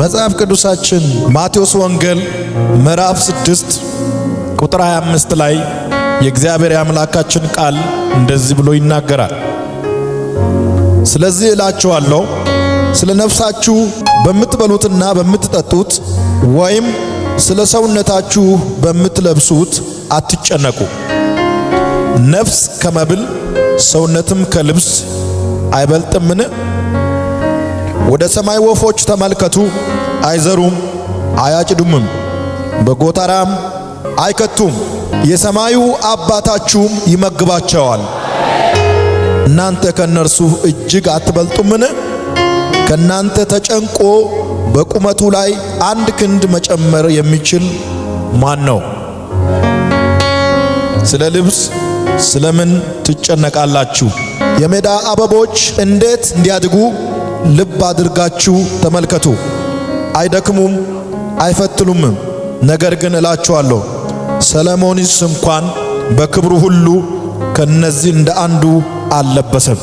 መጽሐፍ ቅዱሳችን ማቴዎስ ወንጌል ምዕራፍ 6 ቁጥር 25 ላይ የእግዚአብሔር የአምላካችን ቃል እንደዚህ ብሎ ይናገራል። ስለዚህ እላችኋለሁ ስለ ነፍሳችሁ በምትበሉትና በምትጠጡት ወይም ስለ ሰውነታችሁ በምትለብሱት አትጨነቁ። ነፍስ ከመብል ሰውነትም ከልብስ አይበልጥምን? ወደ ሰማይ ወፎች ተመልከቱ። አይዘሩም፣ አያጭዱምም፣ በጎተራም አይከቱም። የሰማዩ አባታችሁም ይመግባቸዋል። እናንተ ከነርሱ እጅግ አትበልጡምን? ከናንተ ተጨንቆ በቁመቱ ላይ አንድ ክንድ መጨመር የሚችል ማን ነው? ስለ ልብስ ስለምን ትጨነቃላችሁ? የሜዳ አበቦች እንዴት እንዲያድጉ ልብ አድርጋችሁ ተመልከቱ። አይደክሙም፣ አይፈትሉምም። ነገር ግን እላችኋለሁ ሰለሞንስ እንኳን በክብሩ ሁሉ ከነዚህ እንደ አንዱ አልለበሰም።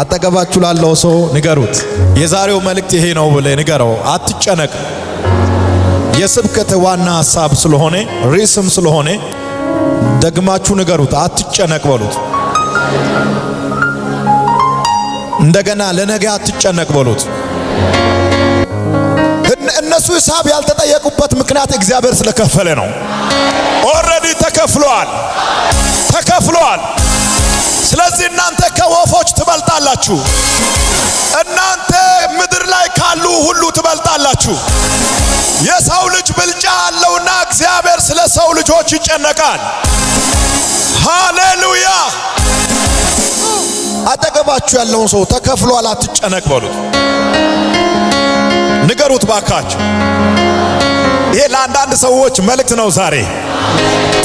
አጠገባችሁ ላለው ሰው ንገሩት፣ የዛሬው መልእክት ይሄ ነው ብለ ንገረው። አትጨነቅ። የስብከት ዋና ሐሳብ ስለሆነ ርዕስም ስለሆነ ደግማችሁ ንገሩት። አትጨነቅ በሉት። እንደገና ለነገ አትጨነቅ በሉት። እነሱ ሂሳብ ያልተጠየቁበት ምክንያት እግዚአብሔር ስለከፈለ ነው። ኦልሬዲ ተከፍሏል፣ ተከፍሏል። ስለዚህ እናንተ ከወፎች ትበልጣላችሁ። እናንተ ምድር ላይ ካሉ ሁሉ ትበልጣላችሁ። የሰው ልጅ ብልጫ አለውና እግዚአብሔር ስለ ሰው ልጆች ይጨነቃል። ሃሌሉያ። አጠገባችሁ ያለውን ሰው ተከፍሏል አትጨነቅ በሉት። ንገሩት ባካችሁ። ይሄ ለአንዳንድ ሰዎች መልእክት ነው። ዛሬ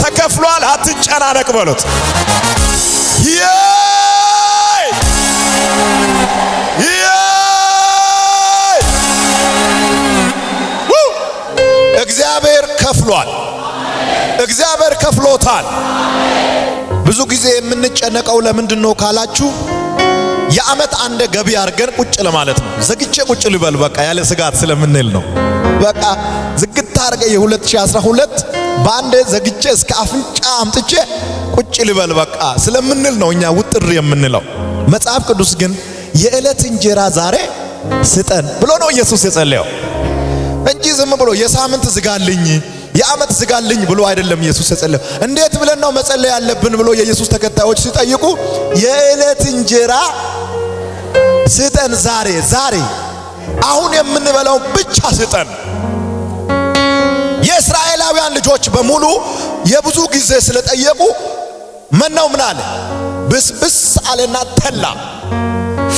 ተከፍሏል፣ አትጨናነቅ በሉት። እግዚአብሔር ከፍሏል። እግዚአብሔር ከፍሎታል። ብዙ ጊዜ የምንጨነቀው ለምንድን ነው ካላችሁ የአመት አንደ ገቢ አድርገን ቁጭ ለማለት ነው። ዘግቼ ቁጭ ልበል በቃ ያለ ስጋት ስለምንል ነው። በቃ ዝግታ አድርገ የ2012 በአንድ ዘግቼ እስከ አፍንጫ አምጥቼ ቁጭ ልበል በቃ ስለምንል ነው እኛ ውጥር የምንለው። መጽሐፍ ቅዱስ ግን የዕለት እንጀራ ዛሬ ስጠን ብሎ ነው ኢየሱስ የጸለየው እንጂ ዝም ብሎ የሳምንት ዝጋልኝ የዓመት ዝጋልኝ ብሎ አይደለም ኢየሱስ ተጸለየ። እንዴት ብለን ነው መጸለይ ያለብን ብሎ የኢየሱስ ተከታዮች ሲጠይቁ የዕለት እንጀራ ስጠን ዛሬ ዛሬ አሁን የምንበላው ብቻ ስጠን። የእስራኤላውያን ልጆች በሙሉ የብዙ ጊዜ ስለጠየቁ ነው ምን አለ ብስብስ አለና ተላ።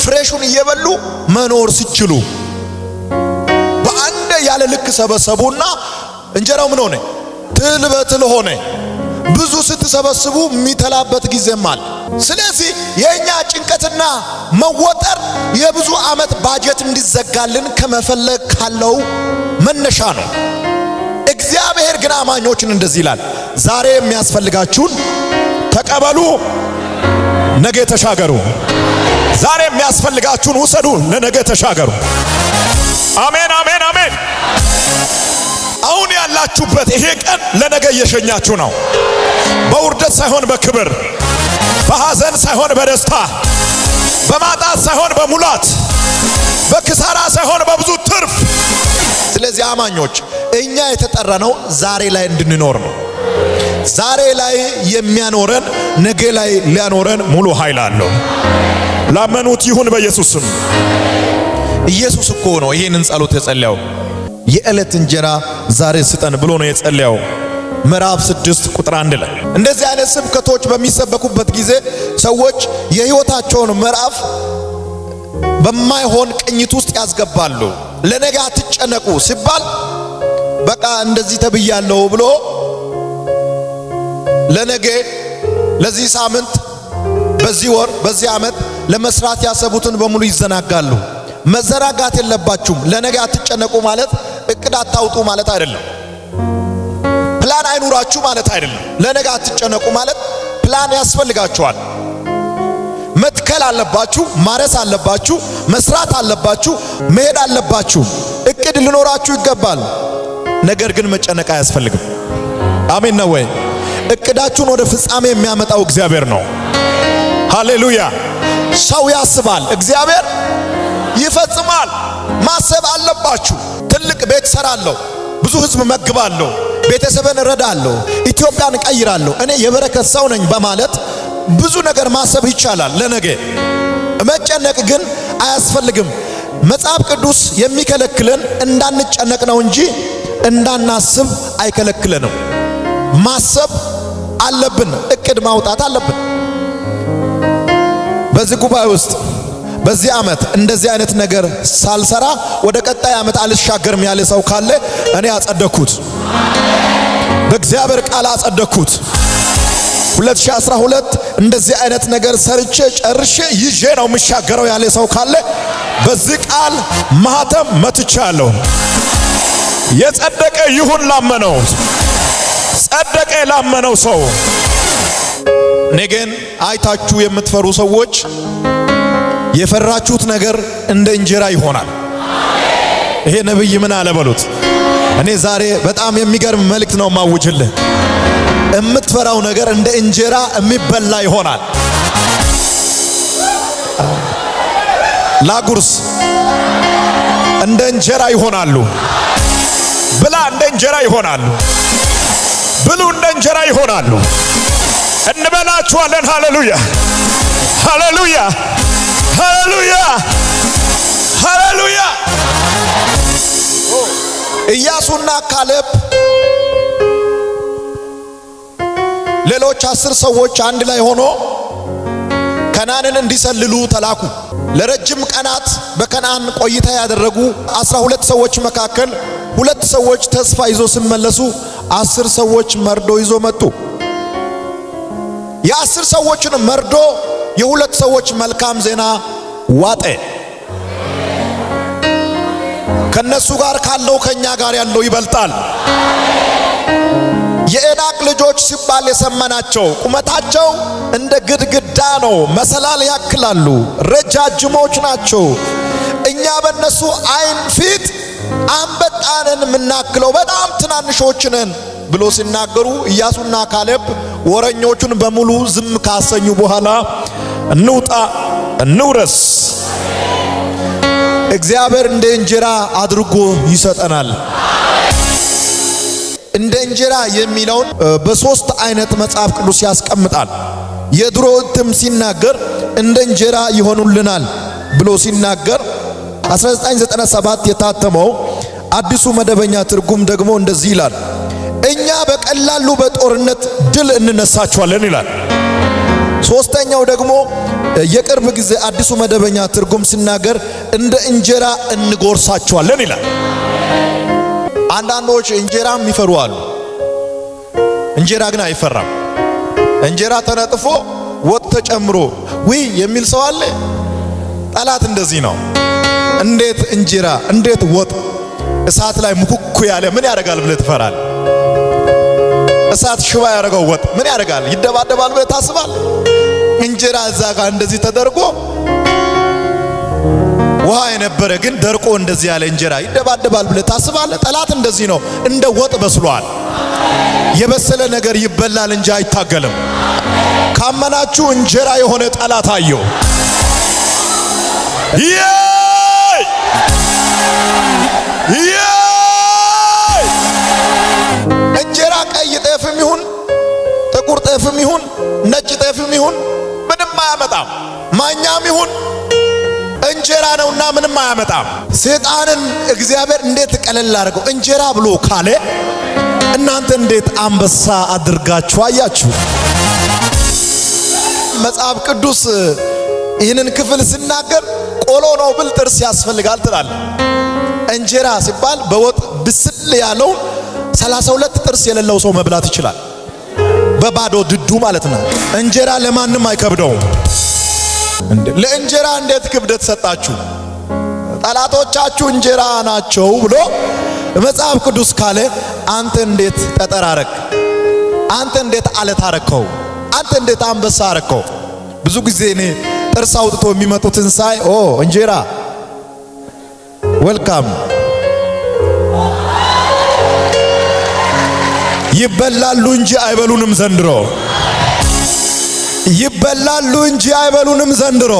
ፍሬሹን እየበሉ መኖር ሲችሉ በአንድ ያለ ልክ ሰበሰቡና እንጀራው ምን ሆነ? ትል በትል ሆነ። ብዙ ስትሰበስቡ የሚተላበት ጊዜም አለ። ስለዚህ የእኛ ጭንቀትና መወጠር የብዙ ዓመት ባጀት እንዲዘጋልን ከመፈለግ ካለው መነሻ ነው። እግዚአብሔር ግን አማኞችን እንደዚህ ይላል፣ ዛሬ የሚያስፈልጋችሁን ተቀበሉ፣ ነገ ተሻገሩ። ዛሬ የሚያስፈልጋችሁን ውሰዱ፣ ለነገ ተሻገሩ። አሜን፣ አሜን፣ አሜን። ያላችሁበት ይሄ ቀን ለነገ እየሸኛችሁ ነው። በውርደት ሳይሆን በክብር በሐዘን ሳይሆን በደስታ በማጣት ሳይሆን በሙላት በክሳራ ሳይሆን በብዙ ትርፍ። ስለዚህ አማኞች እኛ የተጠራ ነው ዛሬ ላይ እንድንኖር ነው። ዛሬ ላይ የሚያኖረን ነገ ላይ ሊያኖረን ሙሉ ኃይል አለው። ላመኑት ይሁን በኢየሱስ ስም። ኢየሱስ እኮ ነው ይሄንን ጸሎት የጸለየው። የዕለት እንጀራ ዛሬ ስጠን ብሎ ነው የጸለየው። ምዕራፍ ስድስት ቁጥር አንድ ላይ እንደዚህ አይነት ስብከቶች በሚሰበኩበት ጊዜ ሰዎች የህይወታቸውን ምዕራፍ በማይሆን ቅኝት ውስጥ ያስገባሉ። ለነገ አትጨነቁ ሲባል በቃ እንደዚህ ተብያለሁ ብሎ ለነገ ለዚህ ሳምንት፣ በዚህ ወር፣ በዚህ ዓመት ለመስራት ያሰቡትን በሙሉ ይዘናጋሉ። መዘናጋት የለባችሁም። ለነገ አትጨነቁ ማለት እቅድ አታውጡ ማለት አይደለም። ፕላን አይኑራችሁ ማለት አይደለም። ለነገ አትጨነቁ ማለት ፕላን ያስፈልጋችኋል። መትከል አለባችሁ፣ ማረስ አለባችሁ፣ መስራት አለባችሁ፣ መሄድ አለባችሁ። እቅድ ሊኖራችሁ ይገባል። ነገር ግን መጨነቅ አያስፈልግም። አሜን ነው ወይ? እቅዳችሁን ወደ ፍጻሜ የሚያመጣው እግዚአብሔር ነው። ሃሌሉያ። ሰው ያስባል፣ እግዚአብሔር ይፈጽማል። ማሰብ አለባችሁ። ቤት ሰራለሁ፣ ብዙ ህዝብ መግባለሁ፣ ቤተሰብን እረዳለሁ፣ ኢትዮጵያን ቀይራለሁ፣ እኔ የበረከት ሰው ነኝ በማለት ብዙ ነገር ማሰብ ይቻላል። ለነገ መጨነቅ ግን አያስፈልግም። መጽሐፍ ቅዱስ የሚከለክለን እንዳንጨነቅ ነው እንጂ እንዳናስብ አይከለክለንም። ማሰብ አለብን፣ እቅድ ማውጣት አለብን። በዚህ ጉባኤ ውስጥ በዚህ ዓመት እንደዚህ አይነት ነገር ሳልሰራ ወደ ቀጣይ ዓመት አልሻገርም ያለ ሰው ካለ እኔ አጸደኩት፣ በእግዚአብሔር ቃል አጸደኩት። 2012 እንደዚህ አይነት ነገር ሰርቼ ጨርሼ ይዤ ነው የምሻገረው ያለ ሰው ካለ በዚህ ቃል ማህተም መትቻለሁ። የጸደቀ ይሁን ላመነው፣ ጸደቀ ላመነው ሰው። እኔ ግን አይታችሁ የምትፈሩ ሰዎች የፈራችሁት ነገር እንደ እንጀራ ይሆናል። ይሄ ነብይ ምን አለ በሉት። እኔ ዛሬ በጣም የሚገርም መልእክት ነው ማውጅልህ። የምትፈራው ነገር እንደ እንጀራ የሚበላ ይሆናል። ላጉርስ እንደ እንጀራ ይሆናሉ። ብላ እንደ እንጀራ ይሆናሉ። ብሉ እንደ እንጀራ ይሆናሉ። እንበላችኋለን። ሃሌሉያ ሃሌሉያ። ሃሌሉያ ሃሌሉያ። ኢያሱና ካሌብ ሌሎች አስር ሰዎች አንድ ላይ ሆኖ ከናንን እንዲሰልሉ ተላኩ። ለረጅም ቀናት በከናን ቆይታ ያደረጉ አስራ ሁለት ሰዎች መካከል ሁለት ሰዎች ተስፋ ይዞ ሲመለሱ አስር ሰዎች መርዶ ይዞ መጡ። የአስር ሰዎችን መርዶ የሁለት ሰዎች መልካም ዜና ዋጠ። ከነሱ ጋር ካለው ከኛ ጋር ያለው ይበልጣል። የኤናቅ ልጆች ሲባል የሰመናቸው ቁመታቸው እንደ ግድግዳ ነው፣ መሰላል ያክላሉ፣ ረጃጅሞች ናቸው። እኛ በእነሱ አይን ፊት አንበጣንን የምናክለው በጣም ትናንሾችንን ብሎ ሲናገሩ ኢያሱና ካሌብ ወረኞቹን በሙሉ ዝም ካሰኙ በኋላ እንውጣ እንውረስ። እግዚአብሔር እንደ እንጀራ አድርጎ ይሰጠናል። እንደ እንጀራ የሚለውን በሶስት አይነት መጽሐፍ ቅዱስ ያስቀምጣል። የድሮ እትም ሲናገር እንደ እንጀራ ይሆኑልናል ብሎ ሲናገር 1997 የታተመው አዲሱ መደበኛ ትርጉም ደግሞ እንደዚህ ይላል፣ እኛ በቀላሉ በጦርነት ድል እንነሳቸዋለን ይላል። ሶስተኛው ደግሞ የቅርብ ጊዜ አዲሱ መደበኛ ትርጉም ሲናገር እንደ እንጀራ እንጎርሳቸዋለን ይላል። አንዳንዶች እንጀራ የሚፈሩ አሉ። እንጀራ ግን አይፈራም። እንጀራ ተነጥፎ ወጥ ተጨምሮ ውይ የሚል ሰው አለ። ጠላት እንደዚህ ነው። እንዴት እንጀራ፣ እንዴት ወጥ እሳት ላይ ሙኩኩ ያለ ምን ያደርጋል ብለህ ትፈራል። እሳት ሽባ ያደረገው ወጥ ምን ያደርጋል? ይደባደባል ብለህ ታስባል? እንጀራ እዛ ጋር እንደዚህ ተደርጎ ውሃ የነበረ ግን ደርቆ እንደዚህ ያለ እንጀራ ይደባደባል ብለህ ታስባለህ? ጠላት እንደዚህ ነው። እንደ ወጥ በስሏል። የበሰለ ነገር ይበላል እንጂ አይታገልም። ካመናችሁ እንጀራ የሆነ ጠላት አየው። ጤፍም ይሁን ነጭ ጤፍም ይሁን ምንም አያመጣም። ማኛም ይሁን እንጀራ ነውና ምንም አያመጣም። ሰይጣንን እግዚአብሔር እንዴት ቀለል አድርገው እንጀራ ብሎ ካለ እናንተ እንዴት አንበሳ አድርጋችሁ አያችሁ። መጽሐፍ ቅዱስ ይህንን ክፍል ስናገር ቆሎ ነው ብል ጥርስ ያስፈልጋል ትላለ። እንጀራ ሲባል በወጥ ብስል ያለው ሰላሳ ሁለት ጥርስ የሌለው ሰው መብላት ይችላል። በባዶ ድዱ ማለት ነው። እንጀራ ለማንም አይከብደውም። ለእንጀራ እንዴት ክብደት ሰጣችሁ? ጠላቶቻችሁ እንጀራ ናቸው ብሎ መጽሐፍ ቅዱስ ካለ አንተ እንዴት ጠጠር አረክ? አንተ እንዴት አለት አረከው? አንተ እንዴት አንበሳ አረከው? ብዙ ጊዜ እኔ ጥርስ አውጥቶ የሚመጡትን ሳይ ኦ እንጀራ ወልካም ይበላሉ እንጂ አይበሉንም ዘንድሮ። ይበላሉ እንጂ አይበሉንም ዘንድሮ።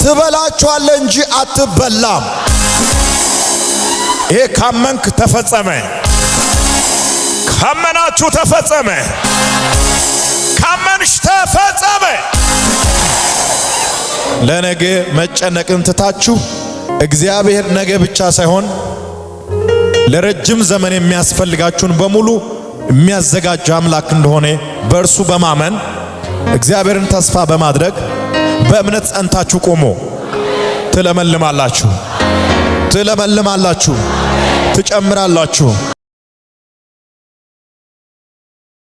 ትበላችኋለ እንጂ አትበላም። ይሄ ካመንክ ተፈጸመ። ካመናችሁ ተፈጸመ። ካመንሽ ተፈጸመ። ለነገ መጨነቅን ትታችሁ እግዚአብሔር ነገ ብቻ ሳይሆን ለረጅም ዘመን የሚያስፈልጋችሁን በሙሉ የሚያዘጋጅ አምላክ እንደሆነ በእርሱ በማመን እግዚአብሔርን ተስፋ በማድረግ በእምነት ጸንታችሁ ቆሞ ትለመልማላችሁ፣ ትለመልማላችሁ፣ ትጨምራላችሁ።